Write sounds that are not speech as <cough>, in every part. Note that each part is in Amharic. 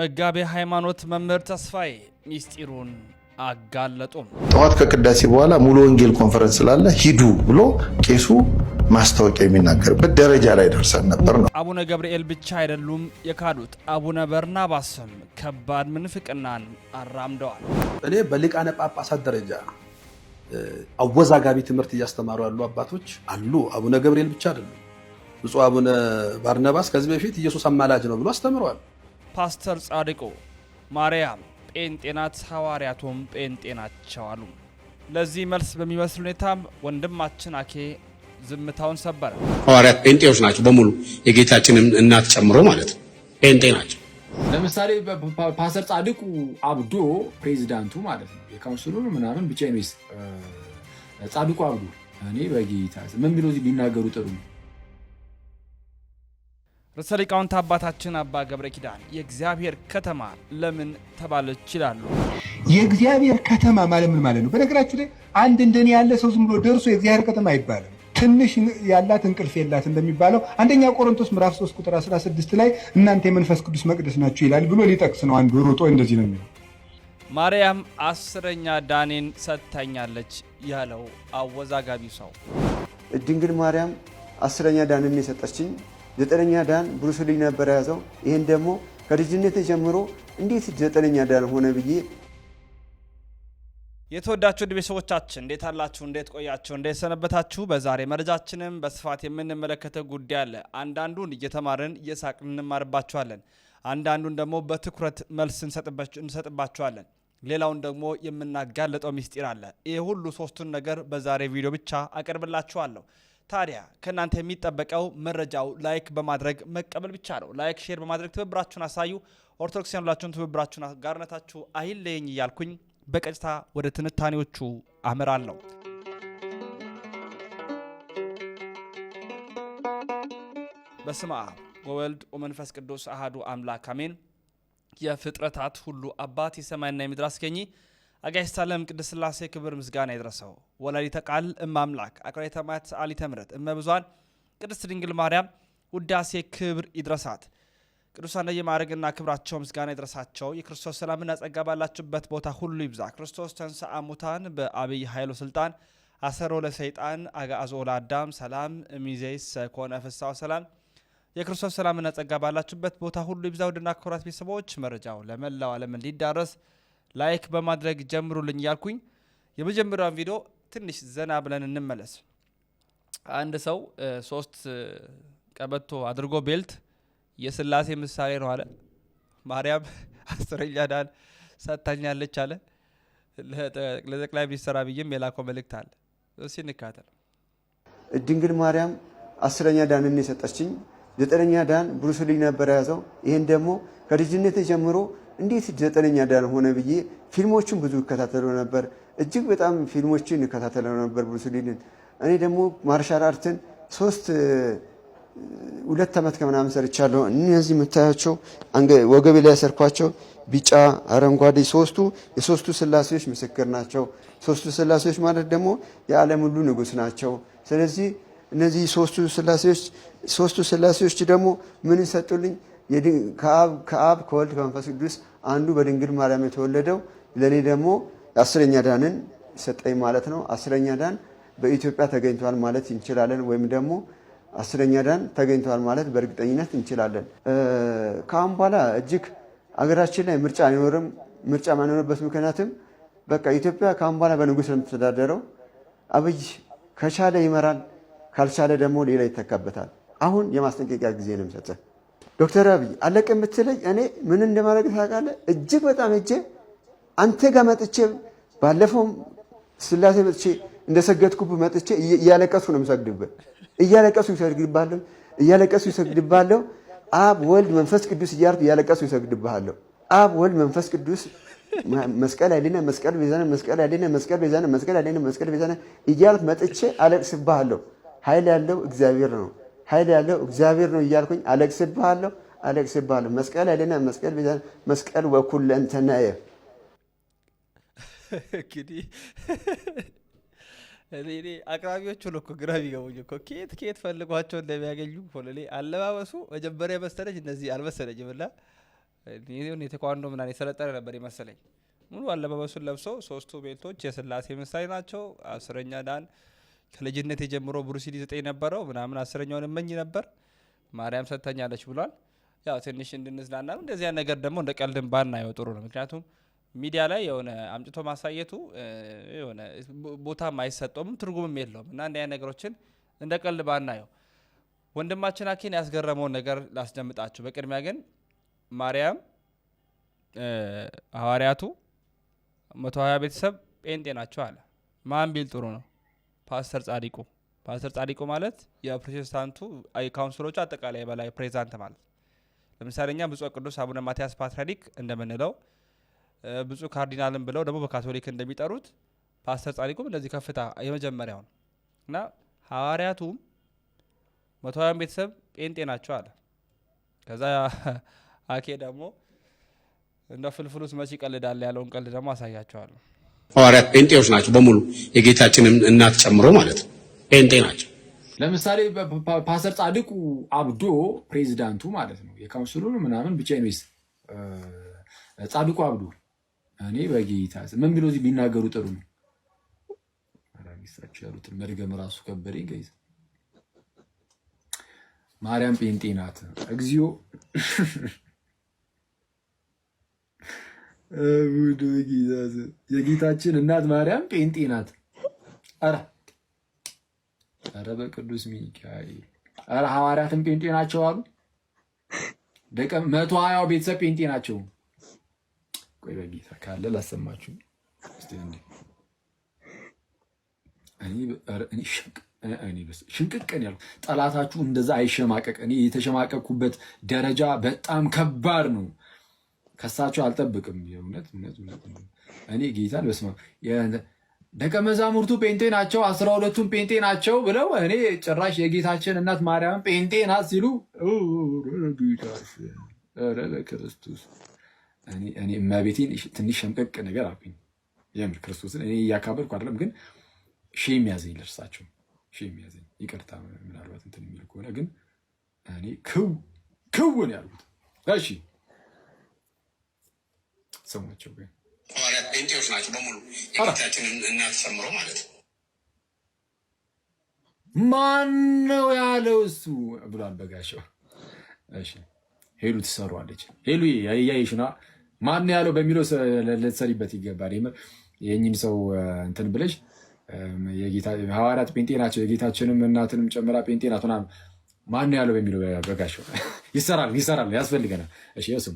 መጋቤ ሃይማኖት መምህር ተስፋዬ ሚስጢሩን አጋለጡም። ጠዋት ከቅዳሴ በኋላ ሙሉ ወንጌል ኮንፈረንስ ስላለ ሂዱ ብሎ ቄሱ ማስታወቂያ የሚናገርበት ደረጃ ላይ ደርሰን ነበር ነው። አቡነ ገብርኤል ብቻ አይደሉም የካዱት። አቡነ በርናባስም ከባድ ምንፍቅናን አራምደዋል። እኔ በሊቃነ ጳጳሳት ደረጃ አወዛጋቢ ትምህርት እያስተማሩ ያሉ አባቶች አሉ። አቡነ ገብርኤል ብቻ አይደሉም። ብፁዕ አቡነ ባርናባስ ከዚህ በፊት ኢየሱስ አማላጅ ነው ብሎ አስተምረዋል። ፓስተር ጻድቁ ማርያም ጴንጤ ናት፣ ሐዋርያቱም ጴንጤናቸው ናቸው አሉ። ለዚህ መልስ በሚመስል ሁኔታም ወንድማችን አኬ ዝምታውን ሰበረ። ሐዋርያት ጴንጤዎች ናቸው በሙሉ የጌታችን እናት ጨምሮ ማለት ነው። ጴንጤ ናቸው። ለምሳሌ ፓስተር ጻድቁ አብዶ ፕሬዚዳንቱ ማለት ነው የካውንስሉ ምናምን ብቻ ጻድቁ አብዶ እኔ በጌታ ምን ቢሎ ሊናገሩ ጥሩ ነው ርዕሰ ሊቃውንት አባታችን አባ ገብረ ኪዳን የእግዚአብሔር ከተማ ለምን ተባለች ይላሉ። የእግዚአብሔር ከተማ ማለት ምን ማለት ነው? በነገራችን ላይ አንድ እንደኔ ያለ ሰው ዝም ብሎ ደርሶ የእግዚአብሔር ከተማ አይባልም። ትንሽ ያላት እንቅልፍ የላት እንደሚባለው አንደኛ ቆሮንቶስ ምዕራፍ 3 ቁጥር 16 ላይ እናንተ የመንፈስ ቅዱስ መቅደስ ናችሁ ይላል ብሎ ሊጠቅስ ነው። አንዱ ሮጦ እንደዚህ ነው የሚለው። ማርያም አስረኛ ዳኔን ሰጥታኛለች ያለው አወዛጋቢ ሰው ድንግል ማርያም አስረኛ ዳኔን የሰጠችኝ ዘጠነኛ ዳን ብሩስ ሊ ነበር ያዘው ይህን ደግሞ ከልጅነት ጀምሮ እንዴት ዘጠነኛ ዳን ሆነ ብዬ የተወዳችሁ ውድ ሰዎቻችን እንዴት አላችሁ? እንዴት ቆያችሁ? እንዴት ሰነበታችሁ? በዛሬ መረጃችንም በስፋት የምንመለከተው ጉዳይ አለ። አንዳንዱን እየተማርን እየሳቅን እንማርባችኋለን። አንዳንዱን ደግሞ በትኩረት መልስ እንሰጥባችኋለን። ሌላውን ደግሞ የምናጋለጠው ሚስጢር አለ። ይህ ሁሉ ሶስቱን ነገር በዛሬ ቪዲዮ ብቻ አቀርብላችኋለሁ። ታዲያ ከእናንተ የሚጠበቀው መረጃው ላይክ በማድረግ መቀበል ብቻ ነው። ላይክ፣ ሼር በማድረግ ትብብራችሁን አሳዩ። ኦርቶዶክስ ያኑላችሁን ትብብራችሁን ጋርነታችሁ አይለየኝ እያልኩኝ በቀጥታ ወደ ትንታኔዎቹ አምራለሁ በስመ አብ ወወልድ ወመንፈስ ቅዱስ አህዱ አምላክ አሜን። የፍጥረታት ሁሉ አባት የሰማይና የምድር አስገኚ አጋዕዝተ ዓለም ቅድስት ሥላሴ ክብር ምስጋና ይድረሰው። ወላዲተ ቃል እማምላክ አቅራዊ ተማት አሊተ ምረት እመብዟን ቅድስት ድንግል ማርያም ውዳሴ ክብር ይድረሳት። ቅዱሳን የማድረግና ክብራቸው ምስጋና ይድረሳቸው። የክርስቶስ ሰላምና ጸጋ ባላችሁበት ቦታ ሁሉ ይብዛ። ክርስቶስ ተንሥአ እሙታን በአብይ ኃይሉ ስልጣን አሰሮ ለሰይጣን አግዓዞ ለአዳም ሰላም እምይእዜሰ ኮነ ፍስሐ ወሰላም። የክርስቶስ ሰላምና ጸጋ ባላችሁበት ቦታ ሁሉ ይብዛ። ውድና ክቡራት ቤተሰቦች መረጃው ለመላው ዓለም እንዲዳረስ ላይክ በማድረግ ጀምሩልኝ እያልኩኝ የመጀመሪያውን ቪዲዮ ትንሽ ዘና ብለን እንመለስ። አንድ ሰው ሶስት ቀበቶ አድርጎ ቤልት የስላሴ ምሳሌ ነው አለ። ማርያም <laughs> አስረኛ ዳን ሰጥታኛለች አለ። ለጠቅላይ ሚኒስትር አብይም የላከው መልእክት አለ። እስኪ እንካተል። ድንግል ማርያም አስረኛ ዳንን የሰጠችኝ፣ ዘጠነኛ ዳን ብሩስ ነበር የያዘው። ይህን ደግሞ ከልጅነት ጀምሮ እንዴት ዘጠነኛ ዳን ሆነ ብዬ ፊልሞቹን ብዙ ይከታተሉ ነበር። እጅግ በጣም ፊልሞችን እከታተለው ነበር ብሩስሊንን። እኔ ደግሞ ማርሻል አርትን ሶስት ሁለት ዓመት ከምናምን ሰርቻለሁ። እነዚህ የምታያቸው ወገቤ ላይ ያሰርኳቸው ቢጫ፣ አረንጓዴ ሶስቱ የሶስቱ ስላሴዎች ምስክር ናቸው። ሶስቱ ስላሴዎች ማለት ደግሞ የዓለም ሁሉ ንጉስ ናቸው። ስለዚህ እነዚህ ሶስቱ ስላሴዎች ሶስቱ ስላሴዎች ደግሞ ምን ሰጡልኝ? ከአብ ከወልድ ከመንፈስ ቅዱስ አንዱ በድንግል ማርያም የተወለደው ለእኔ ደግሞ አስረኛ ዳንን ሰጠኝ ማለት ነው። አስረኛ ዳን በኢትዮጵያ ተገኝቷል ማለት እንችላለን፣ ወይም ደግሞ አስረኛ ዳን ተገኝቷል ማለት በእርግጠኝነት እንችላለን። ከአሁን በኋላ እጅግ አገራችን ላይ ምርጫ አይኖርም። ምርጫ ማይኖርበት ምክንያትም በቃ ኢትዮጵያ ከአሁን በኋላ በንጉስ የምትተዳደረው። አብይ ከቻለ ይመራል፣ ካልቻለ ደግሞ ሌላ ይተካበታል። አሁን የማስጠንቀቂያ ጊዜ ነው የምሰጥህ ዶክተር አብይ አለቀ የምትለኝ እኔ ምን እንደማድረግ ታውቃለህ። እጅግ በጣም እጄ አንተ ጋር መጥቼ ባለፈው ስላሴ መጥቼ እንደሰገድኩብህ መጥቼ እያለቀሱ ነው የምሰግድብህ። እያለቀሱ ይሰግድባለሁ፣ እያለቀሱ ይሰግድባለሁ። አብ ወልድ መንፈስ ቅዱስ እያልኩ እያለቀሱ ይሰግድባለሁ። አብ ወልድ መንፈስ ቅዱስ መስቀል አይደለም መስቀል ቤዛነ መስቀል አይደለም መስቀል ቤዛነ መስቀል አይደለም መስቀል ቤዛነ እያልኩ መጥቼ አለቅስብሃለሁ። ኃይል ያለው እግዚአብሔር ነው፣ ኃይል ያለው እግዚአብሔር ነው እያልኩኝ አለቅስብሃለሁ፣ አለቅስብሃለሁ። መስቀል አይደለም መስቀል ቤዛነ መስቀል ወኩለንተናየ <laughs> እንግዲህ <laughs> እኔ አቅራቢዎቹ ነው እኮ ግራ ቢገቡኝ እኮ ኬት ኬት ፈልጓቸው እንደሚያገኙ ሆነ። አለባበሱ መጀመሪያ መሰለች እነዚህ አልመሰለኝም፣ እና የተኳንዶ ምናምን የሰለጠነ ነበር ይመስለኝ ሙሉ አለባበሱን ለብሶ ሶስቱ ቤልቶች የስላሴ ምሳሌ ናቸው። አስረኛ ዳን ከልጅነት የጀምሮ ብሩስሊ ዘጠኝ ነበረው ምናምን አስረኛውን እመኝ ነበር ማርያም ሰጥተኛለች ብሏል። ያው ትንሽ እንድንዝናና ነው። እንደዚያ ነገር ደግሞ እንደ ቀልድን ባና ይወጥሩ ነው ምክንያቱም ሚዲያ ላይ የሆነ አምጭቶ ማሳየቱ የሆነ ቦታም አይሰጠውም ትርጉምም የለውም እና እንዲህ ነገሮችን እንደ ቀልድ ባናየው። ወንድማችን አኬን ያስገረመውን ነገር ላስደምጣችሁ። በቅድሚያ ግን ማርያም ሐዋርያቱ መቶ ሀያ ቤተሰብ ጴንጤ ናቸው አለ። ማን ቢል ጥሩ ነው? ፓስተር ጻዲቁ። ፓስተር ጻዲቁ ማለት የፕሮቴስታንቱ ካውንስሎቹ አጠቃላይ በላይ ፕሬዚዳንት ማለት። ለምሳሌ እኛ ብፁዕ ቅዱስ አቡነ ማትያስ ፓትርያርክ እንደምንለው ብፁዕ ካርዲናልም ብለው ደግሞ በካቶሊክ እንደሚጠሩት ፓስተር ጻድቁም እንደዚህ ከፍታ የመጀመሪያው ነው እና ሐዋርያቱም መቶውያን ቤተሰብ ጴንጤ ናቸው አለ። ከዛ አኬ ደግሞ እንደ ፍልፍሉስ መች ይቀልዳል ያለውን ቀልድ ደግሞ አሳያቸዋለሁ። ሐዋርያት ጴንጤዎች ናቸው በሙሉ የጌታችን እናት ጨምሮ ማለት ነው። ጴንጤ ናቸው። ለምሳሌ ፓስተር ጻድቁ አብዶ ፕሬዚዳንቱ ማለት ነው የካውንስሉን ምናምን ብቻ ኢንስ ጻድቁ አብዶ እኔ በጌታ ምን ብሎ እዚህ ቢናገሩ ጥሩ ነው። ሚስታቸው ያሉትን መድገም ራሱ ከበደ ይገይዝ ማርያም ጴንጤ ናት። እግዚኦ የጌታችን እናት ማርያም ጴንጤ ናት። ኧረ ኧረ በቅዱስ ሚካኤል ኧረ ሐዋርያትን ጴንጤ ናቸው አሉ። ደቀ መቶ ሀያው ቤተሰብ ጴንጤ ናቸው። ቆይ በጌታ ካለ ላሰማችሁ። ሽንቅቅን ያልኩት ጠላታችሁ እንደዛ አይሸማቀቅ። እኔ የተሸማቀቅኩበት ደረጃ በጣም ከባድ ነው። ከሳቸው አልጠብቅም። የእውነት እኔ ጌታን በስማ ደቀ መዛሙርቱ ጴንጤ ናቸው፣ አስራ ሁለቱም ጴንጤ ናቸው ብለው እኔ ጭራሽ የጌታችን እናት ማርያም ጴንጤ ናት ሲሉ ጌታ ክርስቶስ እኔ እመቤቴን ትንሽ ሸምቀቅ ነገር አልኩኝ። የምር ክርስቶስን እኔ እያካበድኩ አይደለም፣ ግን ሺ የሚያዘኝ ለእርሳቸው ሺ የሚያዘኝ ይቅርታ፣ ምናልባት እንትን የሚል ከሆነ ግን እኔ ክው ነው ያልኩት። እሺ ሰሟቸው ግን ጴንጤዎች ናቸው በሙሉ የጌታችንን እናት ማለት ነው። ማን ነው ያለው? እሱ ብሏል በጋሻው። እሺ ሄሉ ትሰሯለች ሄሉ ያያይሽና ማን ያለው በሚለው ልትሰሪበት ይገባል። የእኝን ሰው እንትን ብለሽ ሐዋርያት ጴንጤ ናቸው፣ የጌታችንም እናትንም ጨምራ ጴንጤ ናት። ማን ያለው በሚለው በጋሸው <laughs> ይሰራል፣ ይሰራል፣ ያስፈልገናል። እሺ ስም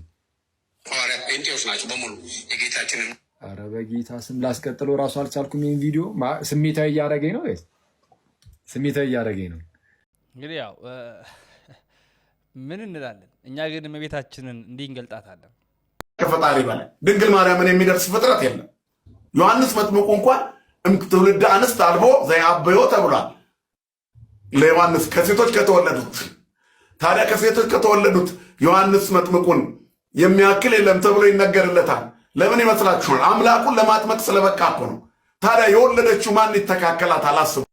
ሐዋርያት ጴንጤዎች ናቸው በሙሉ የጌታችንም ኧረ በጌታ ስም ላስቀጥለው እራሱ አልቻልኩም። ይህን ቪዲዮ ስሜታዊ እያደረገኝ ነው፣ ስሜታዊ እያደረገኝ ነው። እንግዲህ ያው ምን እንላለን እኛ ግን እመቤታችንን እንዲህ እንገልጣታለን። ከፈጣሪ በላይ ድንግል ማርያምን የሚደርስ ፍጥረት የለም። ዮሐንስ መጥምቁ እንኳን ትውልድ አንስት አልቦ ዘያበዮ ተብሏል ለዮሐንስ ከሴቶች ከተወለዱት ታዲያ ከሴቶች ከተወለዱት ዮሐንስ መጥምቁን የሚያክል የለም ተብሎ ይነገርለታል። ለምን ይመስላችኋል? አምላኩን ለማጥመቅ ስለበቃ እኮ ነው። ታዲያ የወለደችው ማን ይተካከላት? አላስቡ።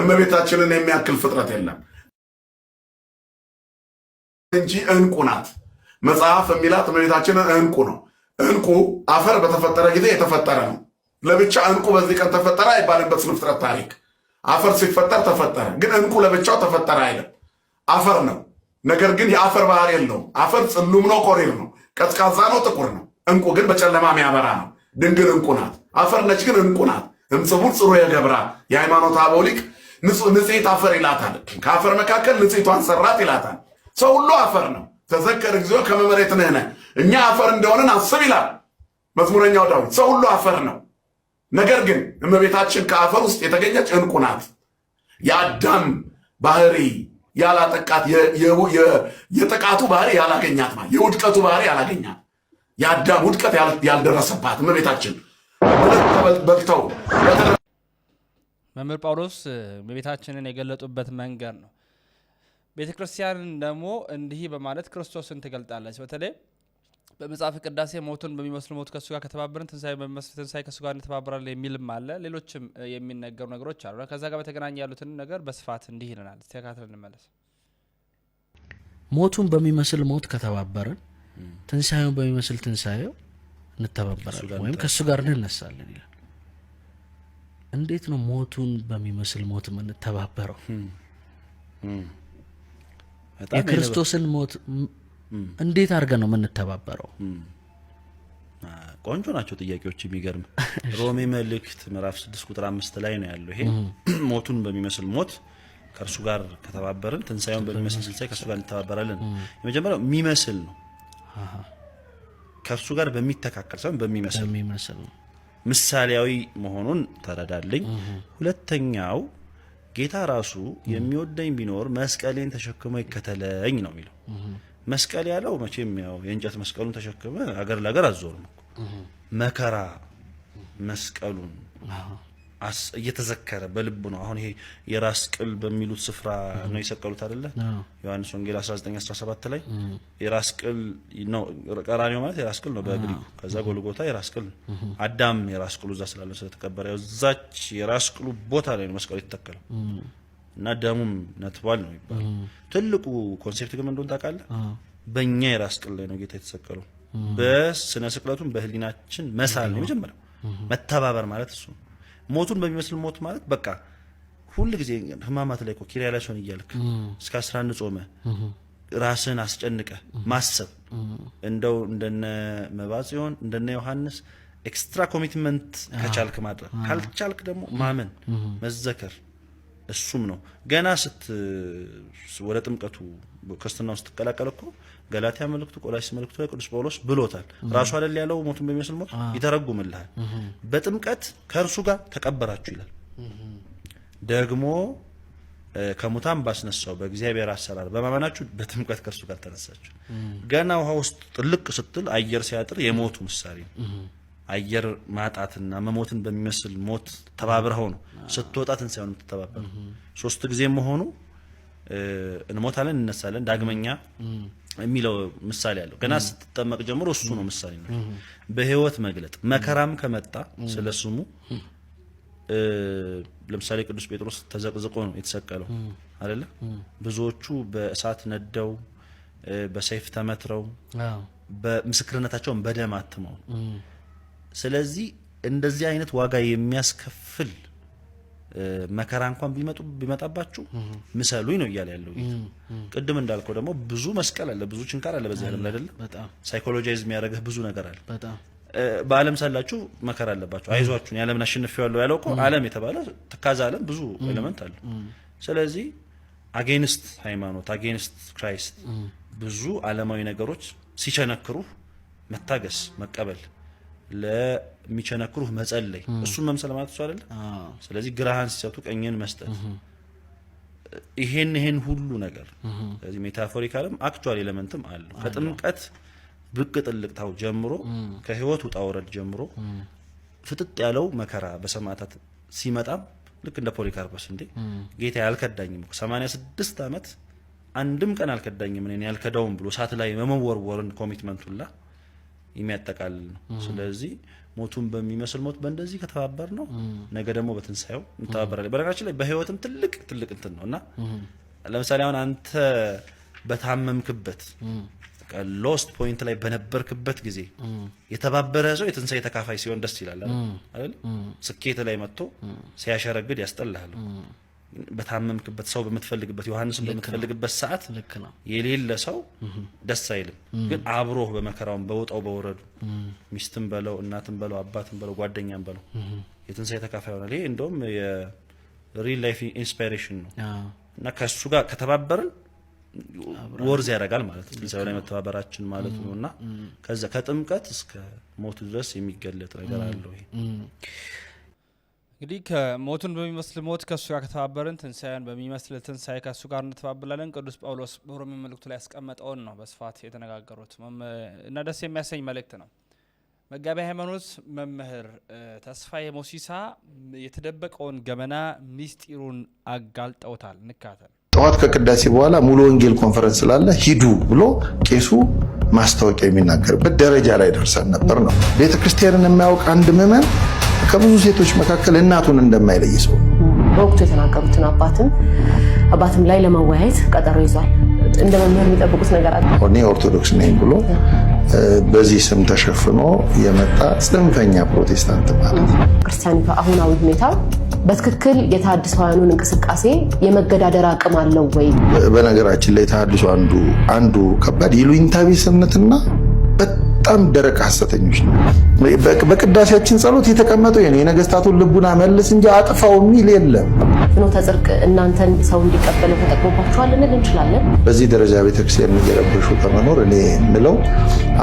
እመቤታችንን የሚያክል ፍጥረት የለም እንጂ እንቁ ናት። መጽሐፍ የሚላት እመቤታችንን እንቁ ነው። እንቁ አፈር በተፈጠረ ጊዜ የተፈጠረ ነው። ለብቻ እንቁ በዚህ ቀን ተፈጠረ አይባልም። በስነ ፍጥረት ታሪክ አፈር ሲፈጠር ተፈጠረ፣ ግን እንቁ ለብቻው ተፈጠረ አይልም። አፈር ነው። ነገር ግን የአፈር ባህር የለውም። አፈር ጽሉም ነው፣ ቆሪር ነው፣ ቀዝቃዛ ነው፣ ጥቁር ነው። እንቁ ግን በጨለማ የሚያበራ ነው። ድንግል እንቁ ናት። አፈር ነች፣ ግን እንቁ ናት። እምጽቡር ጽሩ የገብራ የሃይማኖት አበው ንጽሕት አፈር ይላታል። ከአፈር መካከል ንጽሕቷን ሰራት ይላታል። ሰው ሁሉ አፈር ነው። ተዘከር እግዚኦ ከመ መሬት ንሕነ፣ እኛ አፈር እንደሆነን አስብ ይላል መዝሙረኛው ዳዊት። ሰው ሁሉ አፈር ነው። ነገር ግን እመቤታችን ከአፈር ውስጥ የተገኘች ዕንቁ ናት። የአዳም ባህሪ ያላጠቃት፣ የጥቃቱ ባህሪ ያላገኛት ማለት የውድቀቱ ባህሪ ያላገኛት፣ የአዳም ውድቀት ያልደረሰባት እመቤታችን በልተው መምህር ጳውሎስ እመቤታችንን የገለጡበት መንገድ ነው። ቤተ ክርስቲያንን ደግሞ እንዲህ በማለት ክርስቶስን ትገልጣለች። በተለይ በመጽሐፍ ቅዳሴ ሞቱን በሚመስሉ ሞት ከሱ ጋር ከተባበርን ትንሳኤ በሚመስል ትንሳኤ ከሱ ጋር እንተባበራለን የሚልም አለ። ሌሎችም የሚነገሩ ነገሮች አሉ። ከዛ ጋር በተገናኘ ያሉትን ነገር በስፋት እንዲህ ይለናል። ተካትለን እንመለስ። ሞቱን በሚመስል ሞት ከተባበርን ትንሳኤውን በሚመስል ትንሳኤው እንተባበራለን ወይም ከእሱ ጋር እንነሳለን ይላል። እንዴት ነው ሞቱን በሚመስል ሞት የምንተባበረው? የክርስቶስን ሞት እንዴት አድርገን ነው የምንተባበረው? ቆንጆ ናቸው ጥያቄዎች። የሚገርም <laughs> ሮሜ መልእክት ምዕራፍ 6 ቁጥር አምስት ላይ ነው ያለው። ይሄ <clears throat> ሞቱን በሚመስል ሞት ከእርሱ ጋር ከተባበርን ትንሳኤውን በሚመስል ትንሳኤ ከእርሱ ጋር እንተባበራለን። የመጀመሪያው የሚመስል ነው፣ ከእርሱ ጋር በሚተካከል ሳይሆን በሚመስል ምሳሌያዊ መሆኑን ተረዳልኝ። ሁለተኛው ጌታ ራሱ የሚወደኝ ቢኖር መስቀሌን ተሸክሞ ይከተለኝ ነው የሚለው። መስቀል ያለው መቼም ያው የእንጨት መስቀሉን ተሸክመ አገር ለአገር አዞርም መከራ መስቀሉን እየተዘከረ በልቡ ነው። አሁን ይሄ የራስ ቅል በሚሉት ስፍራ ነው የሰቀሉት አይደለ? ዮሐንስ ወንጌል 1917 ላይ የራስ ቅል ነው። ቀራንዮ ማለት የራስ ቅል ነው በግሪኩ። ከዛ ጎልጎታ የራስ ቅል ነው። አዳም የራስ ቅሉ እዛ ስላለ ስለተቀበረ ያው እዛች የራስ ቅሉ ቦታ ላይ ነው መስቀሉ የተተከለው እና ደሙም ነትቧል ነው የሚባለው። ትልቁ ኮንሴፕት ግን እንደሆን ታውቃለህ? በእኛ የራስ ቅል ላይ ነው ጌታ የተሰቀለው። በስነ ስቅለቱም በህሊናችን መሳል ነው የመጀመሪያው መተባበር ማለት እሱ ነው። ሞቱን በሚመስል ሞት ማለት በቃ ሁል ጊዜ ህማማት ላይ ኮ ሲሆን እያልክ እስከ አስራ አንድ ጾመ ራስን አስጨንቀ ማሰብ እንደው እንደነ መባጽዮን እንደነ ዮሐንስ ኤክስትራ ኮሚትመንት ከቻልክ ማድረግ ካልቻልክ ደግሞ ማመን መዘከር እሱም ነው ገና ስት ወደ ጥምቀቱ ክርስትናው ስትቀላቀል እኮ ገላትያ መልእክቱ፣ ቆላሲስ መልእክቱ ላይ ቅዱስ ጳውሎስ ብሎታል። ራሱ አይደል ያለው ሞቱን በሚመስል ሞት ይተረጉምልሃል። በጥምቀት ከእርሱ ጋር ተቀበራችሁ ይላል። ደግሞ ከሙታን ባስነሳው በእግዚአብሔር አሰራር በማመናችሁ በጥምቀት ከእርሱ ጋር ተነሳችሁ። ገና ውሃ ውስጥ ጥልቅ ስትል አየር ሲያጥር የሞቱ ምሳሌ ነው። አየር ማጣትና መሞትን በሚመስል ሞት ተባብረኸው ነው ስትወጣ ትንሳኤውን የምትተባበረው። ሶስት ጊዜ መሆኑ እንሞታለን እንነሳለን ዳግመኛ የሚለው ምሳሌ አለው። ገና ስትጠመቅ ጀምሮ እሱ ነው ምሳሌ ነው። በህይወት መግለጥ መከራም ከመጣ ስለ ስሙ ለምሳሌ ቅዱስ ጴጥሮስ ተዘቅዝቆ ነው የተሰቀለው አይደለ? ብዙዎቹ በእሳት ነደው በሰይፍ ተመትረው ምስክርነታቸውን በደም አትመው ስለዚህ እንደዚህ አይነት ዋጋ የሚያስከፍል መከራ እንኳን ቢመጡ ቢመጣባችሁ ምሰሉኝ ነው እያለ ያለው ቅድም እንዳልከው ደግሞ ብዙ መስቀል አለ፣ ብዙ ችንካር አለ በዚህ ዓለም ላይ አይደለም። ሳይኮሎጃይዝ ብዙ ነገር አለ። በዓለም ሳላችሁ መከራ አለባችሁ፣ አይዟችሁን የዓለምን አሸንፌዋለሁ ያለው እኮ ዓለም የተባለ ከዛ ዓለም ብዙ ኤሌመንት አለ። ስለዚህ አጌንስት ሃይማኖት አጌንስት ክራይስት ብዙ ዓለማዊ ነገሮች ሲቸነክሩ መታገስ መቀበል ለሚቸነክሩህ መጸለይ እሱን መምሰል ማለት እሱ አይደለ። ስለዚህ ግራህን ሲሰጡ ቀኝን መስጠት ይሄን ይሄን ሁሉ ነገር ስለዚህ ሜታፎሪካልም አክቹዋል ኤሌመንትም አለው። ከጥምቀት ብቅ ጥልቅታው ጀምሮ ከህይወት ውጣ ወረድ ጀምሮ ፍጥጥ ያለው መከራ በሰማዕታት ሲመጣም ልክ እንደ ፖሊካርፖስ እንዴ ጌታ ያልከዳኝም እኮ 86 ዓመት አንድም ቀን አልከዳኝም ያልከዳውም ብሎ ሳት ላይ መመወርወርን ኮሚትመንቱላ የሚያጠቃልል ነው። ስለዚህ ሞቱን በሚመስል ሞት በእንደዚህ ከተባበር ነው ነገ ደግሞ በትንሳኤው እንተባበራለን። በነገራችን ላይ በህይወትም ትልቅ ትልቅ እንትን ነው እና ለምሳሌ አሁን አንተ በታመምክበት ሎስት ፖይንት ላይ በነበርክበት ጊዜ የተባበረ ሰው የትንሳኤ ተካፋይ ሲሆን ደስ ይላል አይደል? ስኬት ላይ መጥቶ ሲያሸረግድ ያስጠላል። በታመምክበት ሰው በምትፈልግበት ዮሐንስን በምትፈልግበት ሰዓት የሌለ ሰው ደስ አይልም። ግን አብሮህ በመከራውን በውጣው በወረዱ ሚስትም በለው እናትም በለው አባትም በለው ጓደኛም በለው የትንሣኤ ተካፋይ ይሆናል። ይሄ እንደውም የሪል ላይፍ ኢንስፓይሬሽን ነው እና ከእሱ ጋር ከተባበርን ወርዝ ያደርጋል ማለት ነው። ትንሣኤው ላይ መተባበራችን ማለት ነው እና ከዛ ከጥምቀት እስከ ሞቱ ድረስ የሚገለጥ ነገር አለው ይሄ እንግዲህ ከሞቱን በሚመስል ሞት ከእሱ ጋር ከተባበርን ትንሣኤን በሚመስል ትንሣኤ ከእሱ ጋር እንተባበላለን። ቅዱስ ጳውሎስ በሮሜ መልእክቱ ላይ ያስቀመጠውን ነው በስፋት የተነጋገሩት እና ደስ የሚያሰኝ መልእክት ነው። መጋቢ ሃይማኖት መምህር ተስፋዬ ሞሲሳ የተደበቀውን ገመና ሚስጢሩን አጋልጠውታል። እንካተል ጠዋት ከቅዳሴ በኋላ ሙሉ ወንጌል ኮንፈረንስ ስላለ ሂዱ ብሎ ቄሱ ማስታወቂያ የሚናገርበት ደረጃ ላይ ደርሰን ነበር ነው ቤተክርስቲያንን የሚያውቅ አንድ ምዕመን ከብዙ ሴቶች መካከል እናቱን እንደማይለይ ሰው በወቅቱ የተናገሩትን አባትም አባትም ላይ ለመወያየት ቀጠሮ ይዟል። እንደ መምህር የሚጠብቁት ነገር አለ። እኔ ኦርቶዶክስ ነኝ ብሎ በዚህ ስም ተሸፍኖ የመጣ ጽንፈኛ ፕሮቴስታንት ማለት ነው። ክርስቲያኒቷ አሁናዊ ሁኔታ በትክክል የተሐድሳውያኑን እንቅስቃሴ የመገዳደር አቅም አለው ወይ? በነገራችን ላይ ተሐድሶ አንዱ አንዱ ከባድ ይሉኝታቢስነትና በጣም ደረቅ ሐሰተኞች ነው። በቅዳሴያችን ጸሎት የተቀመጠው የኔ የነገስታቱን ልቡና መልስ እንጂ አጥፋው የሚል የለም። ፍኖተ ጽድቅ እናንተን ሰው እንዲቀበለው ተጠቅሞባችኋል ልንል እንችላለን። በዚህ ደረጃ ቤተክርስቲያን እየረበሹ ከመኖር እኔ የምለው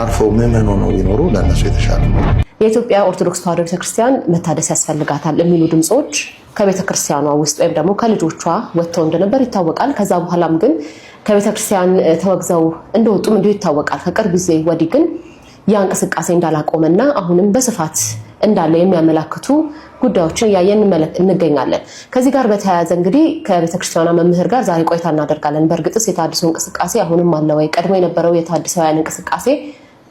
አርፈው ምዕመኑ ነው ቢኖሩ ለእነሱ የተሻለ የኢትዮጵያ ኦርቶዶክስ ተዋሕዶ ቤተክርስቲያን መታደስ ያስፈልጋታል የሚሉ ድምፆች ከቤተክርስቲያኗ ውስጥ ወይም ደግሞ ከልጆቿ ወጥተው እንደነበር ይታወቃል። ከዛ በኋላም ግን ከቤተክርስቲያን ተወግዘው እንደወጡም እንዲሁ ይታወቃል። ከቅርብ ጊዜ ወዲህ ግን ያ እንቅስቃሴ እንዳላቆመና አሁንም በስፋት እንዳለ የሚያመላክቱ ጉዳዮችን እያየን እንገኛለን። ከዚህ ጋር በተያያዘ እንግዲህ ከቤተክርስቲያኗ መምህር ጋር ዛሬ ቆይታ እናደርጋለን። በእርግጥስ የታድሶ እንቅስቃሴ አሁንም አለ ወይ? ቀድሞ የነበረው የታድሳውያን እንቅስቃሴ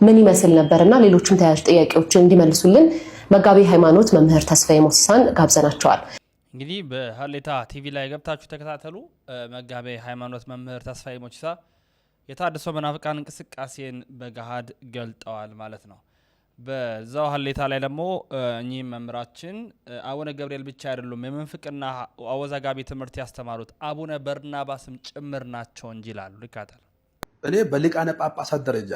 ምን ይመስል ነበር እና ሌሎችም ተያያዥ ጥያቄዎችን እንዲመልሱልን መጋቢ ሃይማኖት መምህር ተስፋዬ ሞሲሳን ጋብዘናቸዋል። እንግዲህ በሀሌታ ቲቪ ላይ ገብታችሁ ተከታተሉ። መጋቢ ሃይማኖት መምህር ተስፋዬ ሞሲሳ የታደሰው መናፍቃን እንቅስቃሴን በገሃድ ገልጠዋል ማለት ነው። በዛው ሀሌታ ላይ ደግሞ እኚህ መምህራችን አቡነ ገብርኤል ብቻ አይደሉም የመንፍቅና አወዛጋቢ ትምህርት ያስተማሩት አቡነ በርናባስም ጭምር ናቸው እንጂ ይላሉ። ይካታል እኔ በሊቃነ ጳጳሳት ደረጃ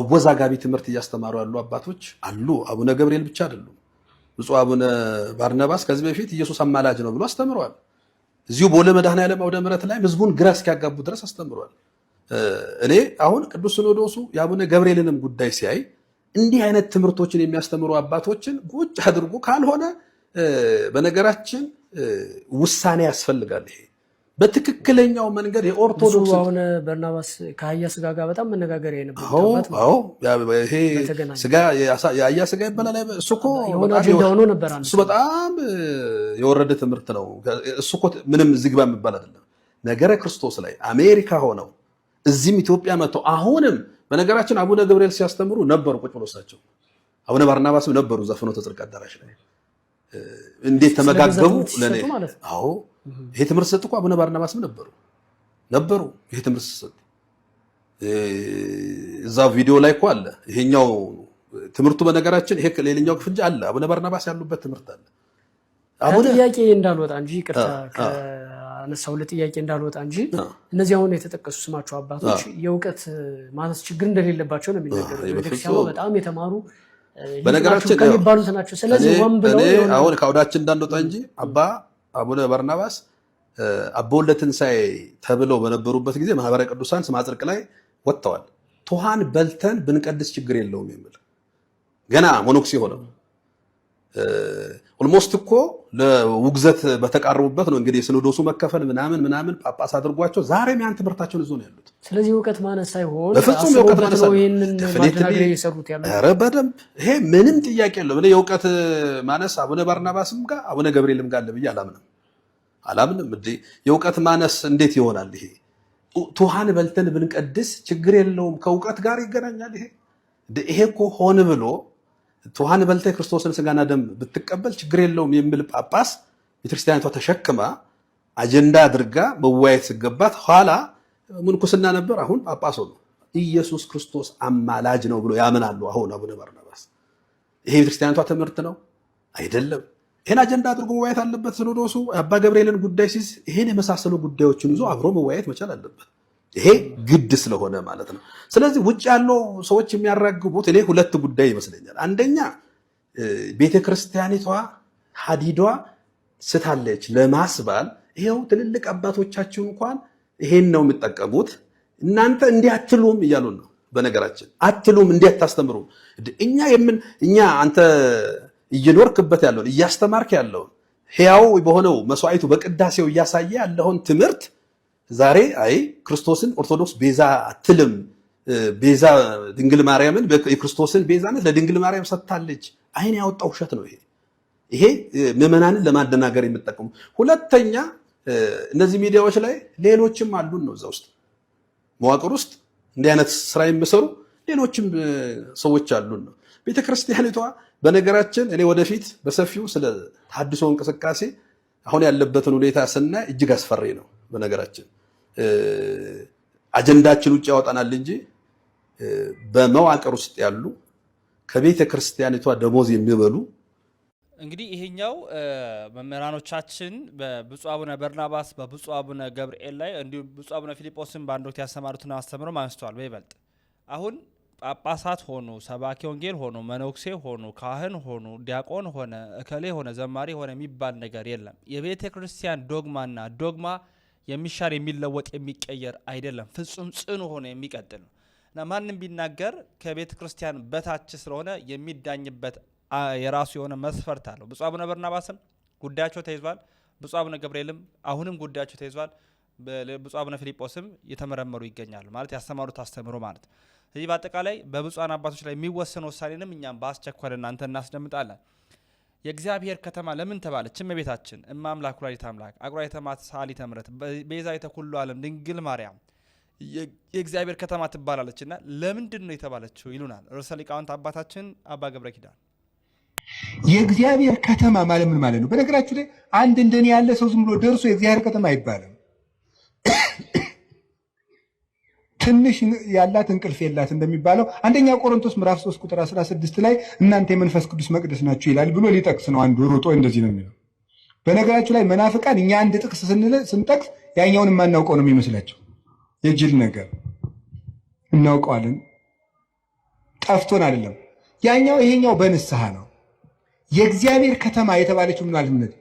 አወዛጋቢ ትምህርት እያስተማሩ ያሉ አባቶች አሉ። አቡነ ገብርኤል ብቻ አይደሉም። ብፁዕ አቡነ ባርናባስ ከዚህ በፊት ኢየሱስ አማላጅ ነው ብሎ አስተምረዋል። እዚሁ ቦሌ መድኃኔዓለም አውደ ምሕረት ላይ ህዝቡን ግራ እስኪያጋቡ ድረስ አስተምሯል። እኔ አሁን ቅዱስ ሲኖዶሱ የአቡነ ገብርኤልንም ጉዳይ ሲያይ እንዲህ አይነት ትምህርቶችን የሚያስተምሩ አባቶችን ቁጭ አድርጎ ካልሆነ በነገራችን ውሳኔ ያስፈልጋል ይሄ በትክክለኛው መንገድ የኦርቶዶክስ አሁን በርናባስ ከአህያ ስጋ ጋር በጣም መነጋገር የአህያ ስጋ ይባላል። እሱ በጣም የወረደ ትምህርት ነው። እሱ እኮ ምንም ዝግባ የሚባል አይደለም። ነገረ ክርስቶስ ላይ አሜሪካ ሆነው እዚህም ኢትዮጵያ መጥተው አሁንም በነገራችን አቡነ ገብርኤል ሲያስተምሩ ነበሩ ቁጭ ብሎ እሳቸው አቡነ ባርናባስም ነበሩ ዘፍኖ ተጽድቅ አዳራሽ ላይ እንዴት ተመጋገቡ? ለኔ አዎ፣ ይሄ ትምህርት ሰጥ እኮ አቡነ ባርናባስም ነበሩ ነበሩ። ይሄ ትምህርት ሰጥ እዛ ቪዲዮ ላይ እኮ አለ። ይሄኛው ትምህርቱ በነገራችን ይሄ ሌላኛው ክፍል እንጂ አለ። አቡነ ባርናባስ ያሉበት ትምህርት አለ። አቡነ ጥያቄ እንዳልወጣ እንጂ ቅርታ አነሳው ለጥያቄ እንዳልወጣ እንጂ እነዚህ አሁን የተጠቀሱ ስማቸው አባቶች የእውቀት ማነስ ችግር እንደሌለባቸው ነው የሚነገረው። በጣም የተማሩ በነገራችን ከሚባሉት ናቸው። ስለዚህ ሆን አሁን ከአውዳችን እንዳንወጣ እንጂ አባ አቡነ በርናባስ አቦወልደ ትንሣኤ ተብለው በነበሩበት ጊዜ ማህበረ ቅዱሳን ስመ ጽድቅ ላይ ወጥተዋል። ቱሃን በልተን ብንቀድስ ችግር የለውም የሚል ገና ሞኖክሲ ሆነው ኦልሞስት እኮ ለውግዘት በተቃረቡበት ነው እንግዲህ የሲኖዶሱ መከፈል ምናምን ምናምን ጳጳስ አድርጓቸው ዛሬም ያን ትምህርታቸውን እዞ ነው ያሉት። ስለዚህ እውቀት ማነስ ሳይሆን በፍጹም እውቀት ማነስ በደንብ ይሄ ምንም ጥያቄ የለውም። እኔ የእውቀት ማነስ አቡነ ባርናባስም ጋር አቡነ ገብርኤልም ጋር አለ ብዬ አላምንም አላምንም። የእውቀት ማነስ እንዴት ይሆናል? ይሄ ቱሃን በልተን ብንቀድስ ችግር የለውም ከእውቀት ጋር ይገናኛል። ይሄ ይሄ እኮ ሆን ብሎ ትውሃን በልተ ክርስቶስን ስጋና ደም ብትቀበል ችግር የለውም የሚል ጳጳስ ቤተክርስቲያኒቷ ተሸክማ አጀንዳ አድርጋ መወያየት ሲገባት ኋላ ምንኩስና ነበር፣ አሁን ጳጳስ ሆኑ። ኢየሱስ ክርስቶስ አማላጅ ነው ብሎ ያምናሉ። አሁን አቡነ በርናባስ ይሄ ቤተክርስቲያኒቷ ትምህርት ነው አይደለም። ይህን አጀንዳ አድርጎ መወያየት አለበት። ሲኖዶሱ አባ ገብርኤልን ጉዳይ ሲይዝ ይህን የመሳሰሉ ጉዳዮችን ይዞ አብሮ መወያየት መቻል አለበት። ይሄ ግድ ስለሆነ ማለት ነው። ስለዚህ ውጭ ያለው ሰዎች የሚያራግቡት እኔ ሁለት ጉዳይ ይመስለኛል። አንደኛ ቤተክርስቲያኒቷ ሀዲዷ ስታለች ለማስባል ይው ትልልቅ አባቶቻችሁ እንኳን ይሄን ነው የምጠቀሙት እናንተ እንዲህ አትሉም እያሉን ነው። በነገራችን አትሉም እንዲህ አታስተምሩ እኛ የምን እኛ አንተ እየኖርክበት ያለውን እያስተማርክ ያለውን ሕያው በሆነው መስዋዕቱ በቅዳሴው እያሳየ ያለውን ትምህርት ዛሬ አይ ክርስቶስን ኦርቶዶክስ ቤዛ አትልም፣ ቤዛ ድንግል ማርያምን የክርስቶስን ቤዛነት ለድንግል ማርያም ሰጥታለች። አይን ያወጣው ውሸት ነው ይሄ። ይሄ ምዕመናንን ለማደናገር የምጠቀሙ። ሁለተኛ እነዚህ ሚዲያዎች ላይ ሌሎችም አሉን ነው እዛ ውስጥ መዋቅር ውስጥ እንዲህ አይነት ስራ የሚሰሩ ሌሎችም ሰዎች አሉን ነው። ቤተክርስቲያኒቷ በነገራችን እኔ ወደፊት በሰፊው ስለ ተሐድሶ እንቅስቃሴ አሁን ያለበትን ሁኔታ ስናይ እጅግ አስፈሪ ነው። በነገራችን አጀንዳችን ውጭ ያወጣናል እንጂ በመዋቅር ውስጥ ያሉ ከቤተ ክርስቲያኒቷ ደሞዝ የሚበሉ እንግዲህ ይሄኛው መምህራኖቻችን በብፁ አቡነ በርናባስ በብፁ አቡነ ገብርኤል ላይ እንዲሁም ብፁ አቡነ ፊልጶስን በአንድ ወቅት ያስተማሩትን አስተምረው አንስተዋል። በይበልጥ አሁን ጳጳሳት ሆኑ፣ ሰባኪ ወንጌል ሆኑ፣ መነኩሴ ሆኑ፣ ካህን ሆኑ፣ ዲያቆን ሆነ፣ እከሌ ሆነ፣ ዘማሪ ሆነ የሚባል ነገር የለም። የቤተ ክርስቲያን ዶግማና ዶግማ የሚሻር የሚለወጥ የሚቀየር አይደለም፣ ፍጹም ጽኑ ሆኖ የሚቀጥል ነው እና ማንም ቢናገር ከቤተ ክርስቲያን በታች ስለሆነ የሚዳኝበት የራሱ የሆነ መስፈርት አለው። ብፁዕ አቡነ በርናባስም ጉዳያቸው ተይዟል። ብፁዕ አቡነ ገብርኤልም አሁንም ጉዳያቸው ተይዟል። ብፁዕ አቡነ ፊልጶስም እየተመረመሩ ይገኛሉ። ማለት ያስተማሩት አስተምሮ ማለት ስለዚህ በአጠቃላይ በብፁዓን አባቶች ላይ የሚወሰን ውሳኔንም እኛም በአስቸኳይ እናንተ እናስደምጣለን። የእግዚአብሔር ከተማ ለምን ተባለች? እመቤታችን እመ አምላክ ወላዲተ አምላክ አቁራሪተ ማት ሰዓሊተ ምሕረት ቤዛዊተ ኩሉ ዓለም ድንግል ማርያም የእግዚአብሔር ከተማ ትባላለች እና ለምንድን ነው የተባለችው ይሉናል ርዕሰ ሊቃውንት አባታችን አባ ገብረ ኪዳን። የእግዚአብሔር ከተማ ማለት ምን ማለት ነው? በነገራችሁ ላይ አንድ እንደኔ ያለ ሰው ዝም ብሎ ደርሶ የእግዚአብሔር ከተማ አይባልም። ትንሽ ያላት እንቅልፍ የላት እንደሚባለው አንደኛ ቆሮንቶስ ምዕራፍ 3 ቁጥር 16 ላይ እናንተ የመንፈስ ቅዱስ መቅደስ ናችሁ ይላል ብሎ ሊጠቅስ ነው። አንዱ ሮጦ እንደዚህ ነው የሚለው። በነገራችሁ ላይ መናፍቃን እኛ አንድ ጥቅስ ስንጠቅስ ያኛውን የማናውቀው ነው የሚመስላቸው። የጅል ነገር እናውቀዋለን። ጠፍቶን አይደለም። ያኛው ይሄኛው በንስሐ ነው። የእግዚአብሔር ከተማ የተባለችው ምናል ማለት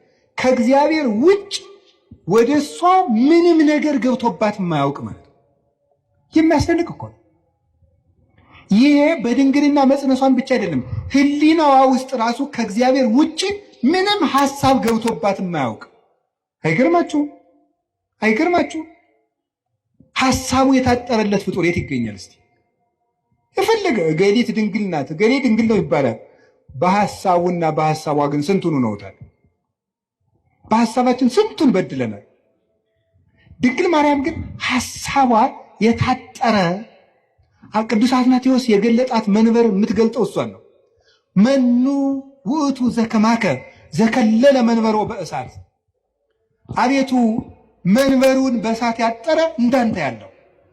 ከእግዚአብሔር ውጭ ወደ እሷ ምንም ነገር ገብቶባት የማያውቅ ማለት የሚያስደንቅ እኮ ነው። ይሄ በድንግልና መጽነሷን ብቻ አይደለም፣ ህሊናዋ ውስጥ ራሱ ከእግዚአብሔር ውጭ ምንም ሀሳብ ገብቶባት የማያውቅ አይገርማችሁም? አይገርማችሁም? ሀሳቡ የታጠረለት ፍጡር የት ይገኛል? እስቲ የፈለገ ገሌት ድንግል ናት፣ ገሌ ድንግል ነው ይባላል። በሀሳቡና በሀሳቧ ግን ስንቱን ነውታል። በሀሳባችን ስንቱን በድለናል። ድንግል ማርያም ግን ሀሳቧ የታጠረ ቅዱስ አትናቴዎስ የገለጣት መንበር የምትገልጠው እሷን ነው። መኑ ውእቱ ዘከማከ ዘከለለ መንበሮ በእሳት አቤቱ መንበሩን በእሳት ያጠረ እንዳንተ ያለው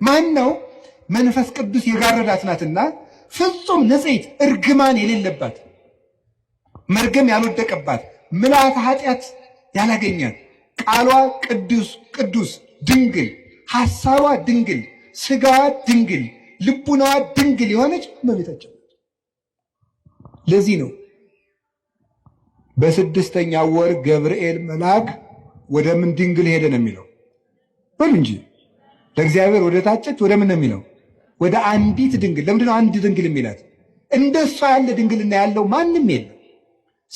ማን ነው? መንፈስ ቅዱስ የጋረዳት ናትና ፍጹም ንጽሕት እርግማን የሌለባት መርገም ያልወደቀባት ምልአተ ኃጢአት ያላገኛት ቃሏ ቅዱስ ቅዱስ ድንግል ሐሳቧ ድንግል ስጋ ድንግል፣ ልቡና ድንግል የሆነች እመቤታችን። ለዚህ ነው በስድስተኛ ወር ገብርኤል መልአክ ወደ ምን ድንግል ሄደ ነው የሚለው። በሉ እንጂ ለእግዚአብሔር ወደ ታጨች ወደ ምን ነው የሚለው? ወደ አንዲት ድንግል። ለምንድነው አንድ ድንግል የሚላት? እንደ እሷ ያለ ድንግልና ያለው ማንም የለም።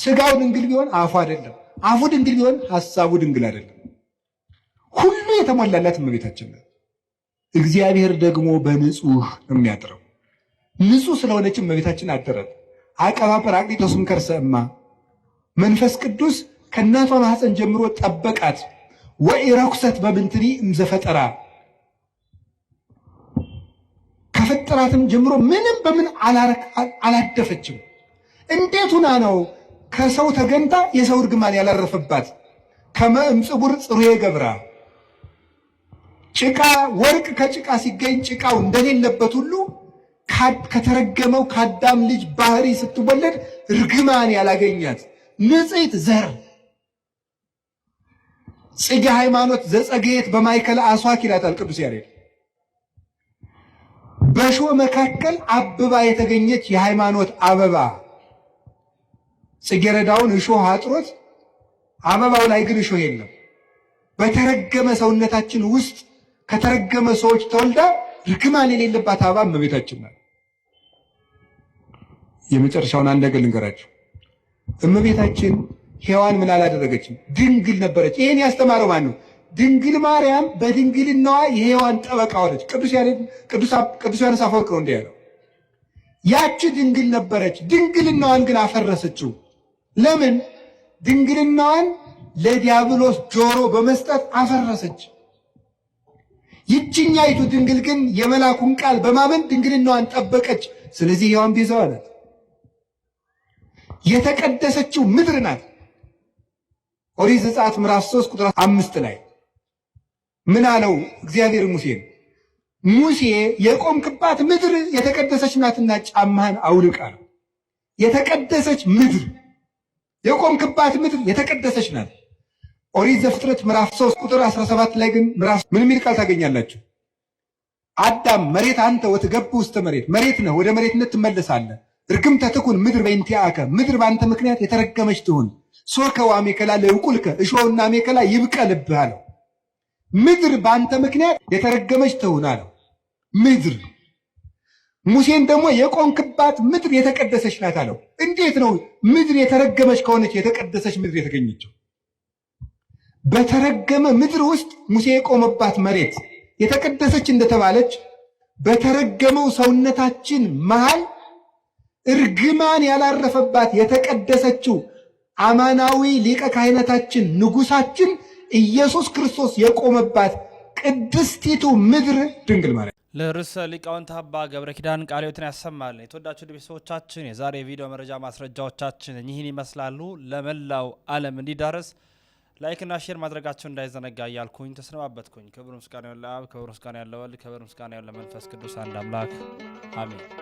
ስጋው ድንግል ቢሆን አፉ አይደለም፣ አፉ ድንግል ቢሆን ሀሳቡ ድንግል አይደለም። ሁሉ የተሞላላት እመቤታችን ናት። እግዚአብሔር ደግሞ በንጹህ የሚያጥረው ንጹህ ስለሆነች እመቤታችን አደረን። አቀባበር አቅሊቶስም ከርሰ እማ መንፈስ ቅዱስ ከእናቷ ማህፀን ጀምሮ ጠበቃት። ወኢረኩሰት በምንትኒ እምዘፈጠራ ከፈጠራትም ጀምሮ ምንም በምን አላደፈችም። እንዴት ሁና ነው ከሰው ተገንታ የሰው እርግማን ያላረፈባት? ከመ እምጽቡር ጽሩየ ገብራ ጭቃ ወርቅ ከጭቃ ሲገኝ ጭቃው እንደሌለበት ሁሉ ከተረገመው ከአዳም ልጅ ባህሪ ስትወለድ እርግማን ያላገኛት ንጽሕት ዘር ጽጌ ሃይማኖት ዘጸገየት በማይከል አሷክ ይላታል ቅዱስ ያሬድ። በእሾህ መካከል አብባ የተገኘች የሃይማኖት አበባ ጽጌረዳውን እሾህ አጥሮት አበባው ላይ ግን እሾህ የለም። በተረገመ ሰውነታችን ውስጥ ከተረገመ ሰዎች ተወልዳ ርግማን የሌለባት አበባ እመቤታችን ናት። የመጨረሻውን አንድ ነገር ልንገራችሁ። እመቤታችን ሔዋን ምን አላደረገችም? ድንግል ነበረች። ይሄን ያስተማረው ማን ነው? ድንግል ማርያም በድንግልናዋ የሔዋን ጠበቃ ሆነች። ቅዱስ ዮሐንስ አፈወርቅ ነው እንዲህ ያለው። ያቺ ድንግል ነበረች፣ ድንግልናዋን ግን አፈረሰችው። ለምን? ድንግልናዋን ለዲያብሎስ ጆሮ በመስጠት አፈረሰች። ይችኛይቱ ድንግል ግን የመላኩን ቃል በማመን ድንግልናዋን ጠበቀች። ስለዚህ ሕያዋን ቤዛዋ የተቀደሰችው ምድር ናት። ኦሪት ዘጸአት ምዕራፍ 3 ቁጥር 5 ላይ ምን አለው እግዚአብሔር ሙሴን? ሙሴ የቆምክባት ምድር የተቀደሰች ናትና ጫማህን አውልቅ አለው። የተቀደሰች ምድር የቆምክባት ምድር የተቀደሰች ናት። ኦሪት ዘፍጥረት ምዕራፍ 3 ቁጥር 17 ላይ ግን ምዕራፍ ምን የሚል ቃል ታገኛላችሁ? አዳም መሬት አንተ ወትገብ ውስጥ መሬት፣ መሬት ነህ ወደ መሬትነት ትመለሳለህ። እርግም ተትኩን ምድር በእንቲአከ፣ ምድር በአንተ ምክንያት የተረገመች ትሁን። ሶከዋ ሜከላ ለውቁልከ፣ እሾውና ሜከላ ይብቀልብህ አለው። ምድር በአንተ ምክንያት የተረገመች ትሁን አለው። ምድር ሙሴን ደግሞ የቆንክባት ምድር የተቀደሰች ናት አለው። እንዴት ነው ምድር የተረገመች ከሆነች የተቀደሰች ምድር የተገኘችው? በተረገመ ምድር ውስጥ ሙሴ የቆመባት መሬት የተቀደሰች እንደተባለች በተረገመው ሰውነታችን መሃል እርግማን ያላረፈባት የተቀደሰችው አማናዊ ሊቀ ካህናታችን ንጉሳችን ኢየሱስ ክርስቶስ የቆመባት ቅድስቲቱ ምድር ድንግል ማለት ለርዕሰ ሊቃውንት አባ ገብረ ኪዳን ቃልዮትን ያሰማል። የተወዳችሁ ቤተሰቦቻችን የዛሬ የቪዲዮ መረጃ ማስረጃዎቻችን ይህን ይመስላሉ። ለመላው ዓለም እንዲዳረስ ላይክና ሼር ማድረጋቸው እንዳይዘነጋ እያልኩኝ ተሰነባበትኩኝ። ክብር ምስጋና ያለ አብ፣ ክብር ምስጋና ያለ ወልድ፣ ክብር ምስጋና ያለ መንፈስ ቅዱስ አንድ አምላክ አሜን።